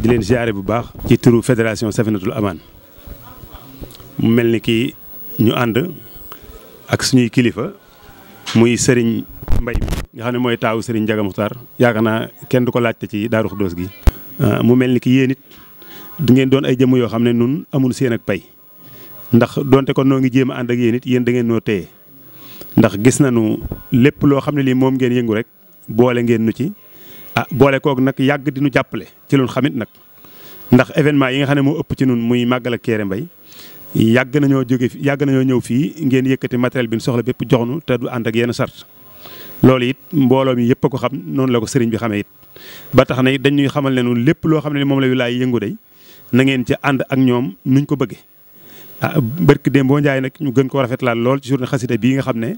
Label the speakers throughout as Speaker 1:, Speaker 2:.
Speaker 1: di leen ziare bu baax ci turu fédération Safinatul Aman mu mel ni kii ñu ànd ak suñuy kilifa muy Serigne Mbay nga xam ne mooy taawu sëriñ Ndiaga Muxtaar yaakaar naa kenn du ko laajte ci Daaru Xuddoos gi. Euh, mu mel ni ki yéen it du ngeen doon ay jëmm yoo xam ne nun amul seen ak pay ndax donte kon noo ngi jéem a ànd ak yéen it yéen da ngeen noo téye ndax gis nanu lépp loo xam ne lii moom ngeen yëngu rek boole ngeen nu ci. ah boole koog nag yàgg di nu jàppale ci loolu xamit nag ndax événement yi nga xam ne moo ëpp ci nun muy màggal ak Kéré Mbaye yàgg ñoo jóge yàgg nañoo ñëw fii ngeen yëkkati matériel bi ñu soxla bépp joxnu te du ànd ak yenn sart loolu it mbooloo mi yëpp ko xam noonu la ko sëriñ bi xamee it ba tax na it dañuy xamal ne nun lépp loo xam ne moom la wilaay yëngu day na ngeen ci ànd ak ñoom nuñ ko bëggee ah barki démb boo njaay nag ñu gën rafet laal lool ci journée xasida bii nga xam ne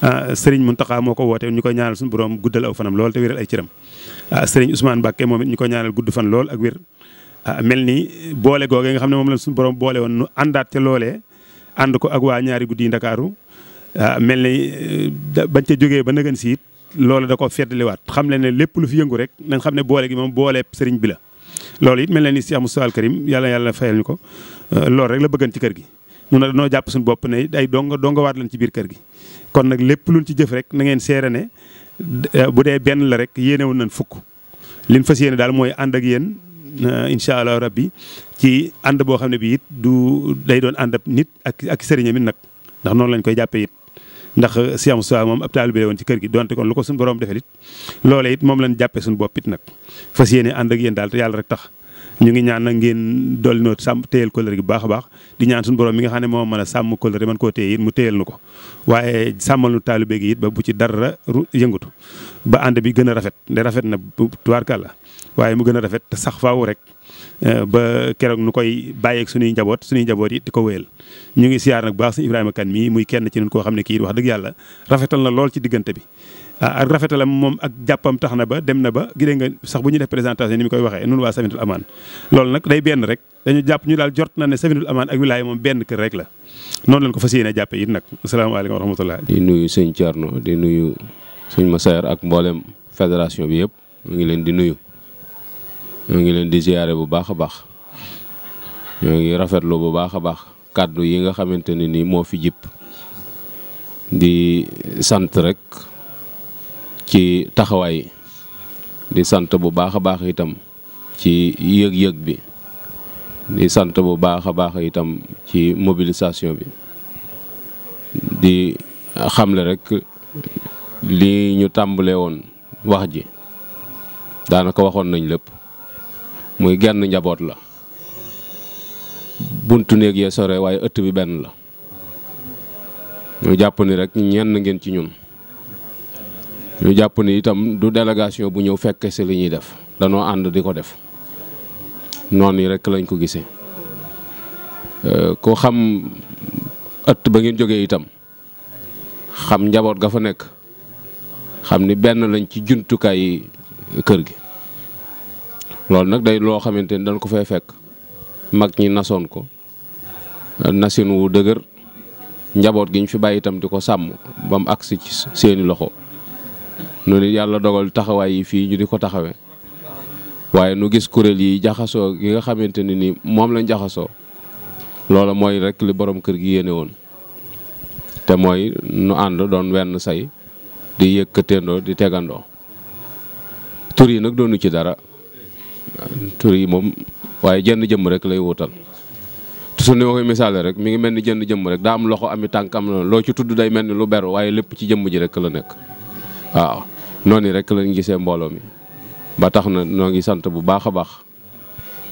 Speaker 1: Ah, sëriñ Muntaxa moo ko wootee ñu koy ñaanal suñ borom guddal aw fanam lool te wéral ay cëram ah, sëriñ Ousmane Mbacke moom it ñu koy ñaanal gudd fan lool ak wér ah, mel ni boole googe nga xam ne moom la suñu borom boole woon nu te loolee ànd ko ak waa ñaari guddi yi Ndakaaru mel ni eh, bañ ca jógee ba nëgën si loolu da ko feddaliwaat xam leen ne lépp lu fi yëngu rek nañ xam ne boole gi moom boole sëriñ bi la. loolu it mel na ni Cheikh Moussa Al Karim yàlla yàlla fayal ñu ko loolu rek la bëggan ci kër gi ñu ne jàpp suñu bopp ne ay donga donga waat lañ ci biir kër gi kon nag lépp luñ ci jëf rek na ngeen seere ne eh, bu dee benn la rek yéenewoon nañ fukk liñ fas yéene daal mooy ànd yéen eh, incha allah rabbi ci ànd boo xam ne bi it du day doon ànd nit ak ak sëriñam it nag ndax noonu lañ koy jàppee it ndax Cheikh Moustapha moom ab taalibe la woon ci kër gi donte kon lu ko suñ borom defee it loolee it moom lañ jàppee suñ bopp it nag fas yéene ànd ak yéen daal yàlla rek tax ñu ngi ñaan nag ngeen dolli noo sàmm téyel kóllëre gi bu baax a baax di ñaan suñu borom mi nga xam ne moo man a sàmm kóllëre mën koo téye it mu téyel nu ko waaye sàmmal nu taalibe gi it ba bu ci dara yëngatu ba ànd bi gën a rafet nde rafet na tubaarkàlla waaye mu gën a rafet te sax faaw rek eh, ba keroog nu koy bàyyeeg suñuy njaboot suñuy njaboot it di ko wéyal ñu ngi siyaar nag baax suñu Ibrahima kan mii muy kenn ci ñun koo xam ne kii wax dëgg yàlla rafetal na lool ci diggante bi ak rafetalam moom ak jàppam tax na ba dem na ba gis nga sax bu ñu def présentation ni mu koy waxee nun waa Safinatoul Amane loolu nag day benn rek dañu jàpp ñu daal jot na ne Safinatoul Amane ak wilaaya moom benn kër rek la noonu lañ ko fa yéene jàppe it nag asalaamaaleykum wa rahmatullah
Speaker 2: di nuyu sëñ Thierno di nuyu sëñ Massar ak mboolem fédération bi yëpp mu ngi leen di nuyu ñoo ngi leen di ziare bu baax a baax ñoo ngi rafetlu bu baax a baax kàddu yi nga xamante ne nii moo fi jip rek ci taxawaay di sant bu baax a baax itam ci yëg-yëg bi di sant bu baax a baax itam ci mobilisation bi di xamle rek li ñu tàmbalee woon wax ji daanaka waxoon nañ lépp muy genn njaboot la buntu néeg yee sore waaye ëtt bi benn la ñu jàpp ni rek ñenn ngeen ci ñun ñu jàpp ni itam du délégation bu ñëw fekk si li ñuy def danoo ànd di ko def noon yi rek lañ ko gisee euh, ko xam ëtt ba ngeen jógee itam xam njaboot ga fa nekk xam ni benn lañ ci jumtukaay kër gi loolu nag day loo xamante ni dañ ko fay fekk mag ñi nasoon ko nasin wu dëgër njaboot gi ñu fi bàyyi itam di ko sàmm ba mu agsi ci seeni loxo noonu yàlla dogal taxawaay yi fii ñu di ko taxawee waaye nu gis kuréel yi jaxasoo ki nga xamante ne nii moom lañ jaxasoo loola mooy rek li boroom kër gi yéene woon te mooy nu ànd doon wenn say di yëkkateendoo di tegandoo tur yi nag nu ci dara tur yi moom waaye jenn jëmm rek lay wutal su ni ma koy misaale rek mi ngi mel ni jenn jëmm rek daa am loxo ami tànk am na loo ci tudd day mel ni lu beru waaye lépp ci jëmm ji rekk la nekk waaw noonu rek lañ gisee mbooloo mi ba tax na noo ngi sant bu baax a baax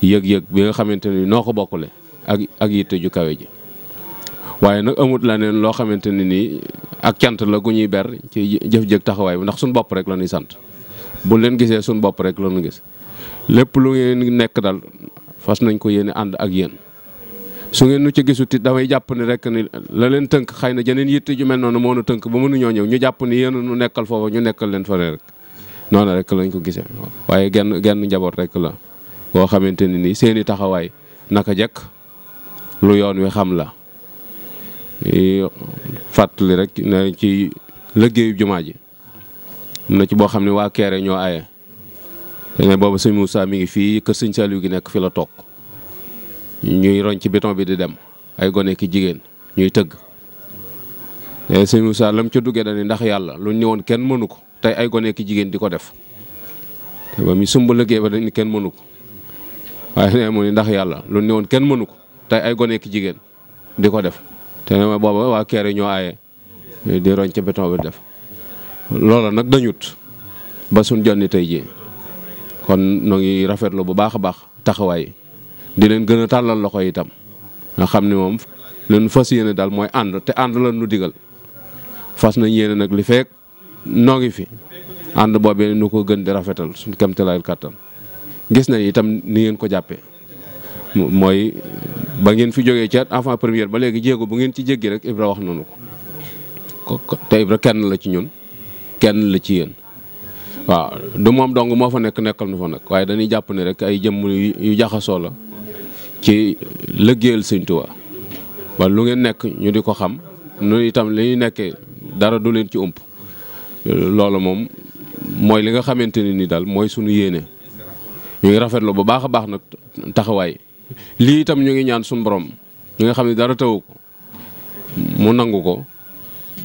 Speaker 2: yëg-yëg bi nga xamante ni noo ko bokkule ak ak yitte ju kawe ji waaye nag amut la neen loo xamante ni nii ak cant la gu ñuy ber ci jëf-jëg taxawaay bi ndax suñ bopp rek la ñuy sant bu leen gisee suñ bopp rek la ñu gis lépp lu ngeen nekk dal fas nañ ko yéene ànd ak yéen su ngeen nu ci gisut it damay jàpp ni rek ni la leen tënk xëy na jeneen yitte ju mel noonu moo nu tënk ba ñoo ñëw ñu jàpp ni yéen nu nekkal foofa ñu nekkal leen fa rek noonu rek lañ ko gisee waaye genn genn njaboot rek la boo xamante ne nii seen i taxawaay naka jekk lu yoon wi xam la fàttali rek ne ci liggéeyu jumaa ji am na ci boo xam ne waa Kéré ñoo aaye te ne boobu sëñ Moussa mi ngi fii kër sëñ Saliou gi nekk fi la toog ñuy roñ ci béton bi di dem ay gone ki jigéen ñuy tëgg eh, sëñ Moussa lam ca duggee dañuy ndax yàlla lu ñu kenn mënu ko tey ay gone ki jigéen di ko def te ba ba dañu kenn mënu ko waaye nee ni ndax yàlla lu ñu kenn mënu ko tey ay gone ki jigéen di ko def te ne ma booba waa keere ñoo aaye eh, di roñ ca béton bi def loola nag dañut ba suñ jonni tey ji kon noo ngi rafetlu bu baax a baax taxawaay di leen gën a tàllal loxo itam nga xam ne moom leen fas yéene daal mooy ànd te ànd la nu digal fas nañ yéene nag li feek noo fi ànd boobee nu ko gën di rafetal suñ kemtalaayul kàttan gis nañ itam ni ngeen ko jàppee mooy ba ngeen fi jógee ca avant première ba léegi jéego bu ngeen ci jéggi rek Ibra wax nanu ko te Ibra kenn la ci ñun kenn la ci yéen waaw du moom dong moo fa nekk nekkal nu fa nag waaye dañuy jàpp ne rek ay jëmm yu jaxasoo la ci lëggéeyal sëñ Tuubaa ba lu ngeen nekk ñu di ko xam nu itam li nekkee dara du leen ci ëmp loolu moom mooy li nga xamante ne ni daal mooy sunu yéene ñu ngi rafet lu bu baax a baax nag taxawaay lii itam ñu ngi ñaan suñu borom ñi nga xam ne dara tawu ko nangu ko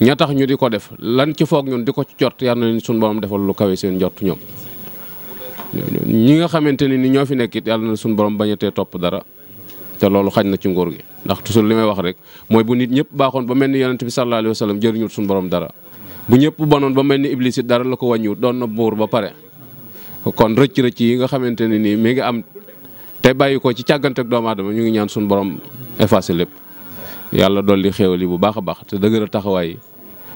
Speaker 2: ña ñu di ko def lan ci foog di ko ci jot yar suñu borom defal lu kawe seen jot ñi nga xamante ne ni ñoo fi nekk it na suñu borom bañ tee topp dara. te loolu xañ na ci nguur gi ndax toujours li may wax rek mooy bu nit ñëpp baaxoon ba mel ni yonent bi sallallahu alayhi wa sallam jëriñut suñu borom dara bu ñëpp bonoon ba mel ni iblis dara la ko wàññiwut doon na buur ba pare kon rëcc rëcc yi nga xamante ne nii mi ngi am te bàyyi ko ci càggante ak doomu aadama ñu ngi ñaan suñu borom effacé lépp yàlla dolli xéewal yi bu baax a baax te dëgëral taxawaay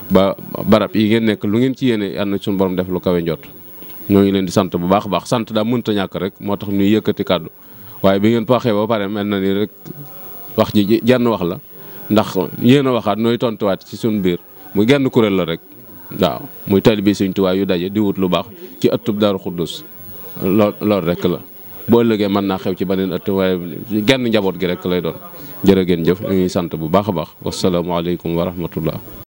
Speaker 2: ba barab yi ngeen nekk lu ngeen ci yéene yal na suñu borom def lu kawe njot ñoo ngi leen di bu baax a baax sant daa mënta ñàkk rek moo tax ñuy yëkkati kàddu waaye bi ngeen waxee ba pare mel na nii rek wax ji jenn wax la ndax yéen a waxaat nooy tontuwaat ci suñ biir mu genn kuréel la rek waaw muy taalibe Sëriñ Tuubaa yu daje di wut lu baax ci ëttub Daaru Xuddus lool loolu rek la boo ëllëgee mën naa xew ci beneen ëtt waaye genn njaboot gi rek lay doon jërë ngeen jëf ñu ngi sant bu baax a baax wasalaamualeykum wa rahmatullah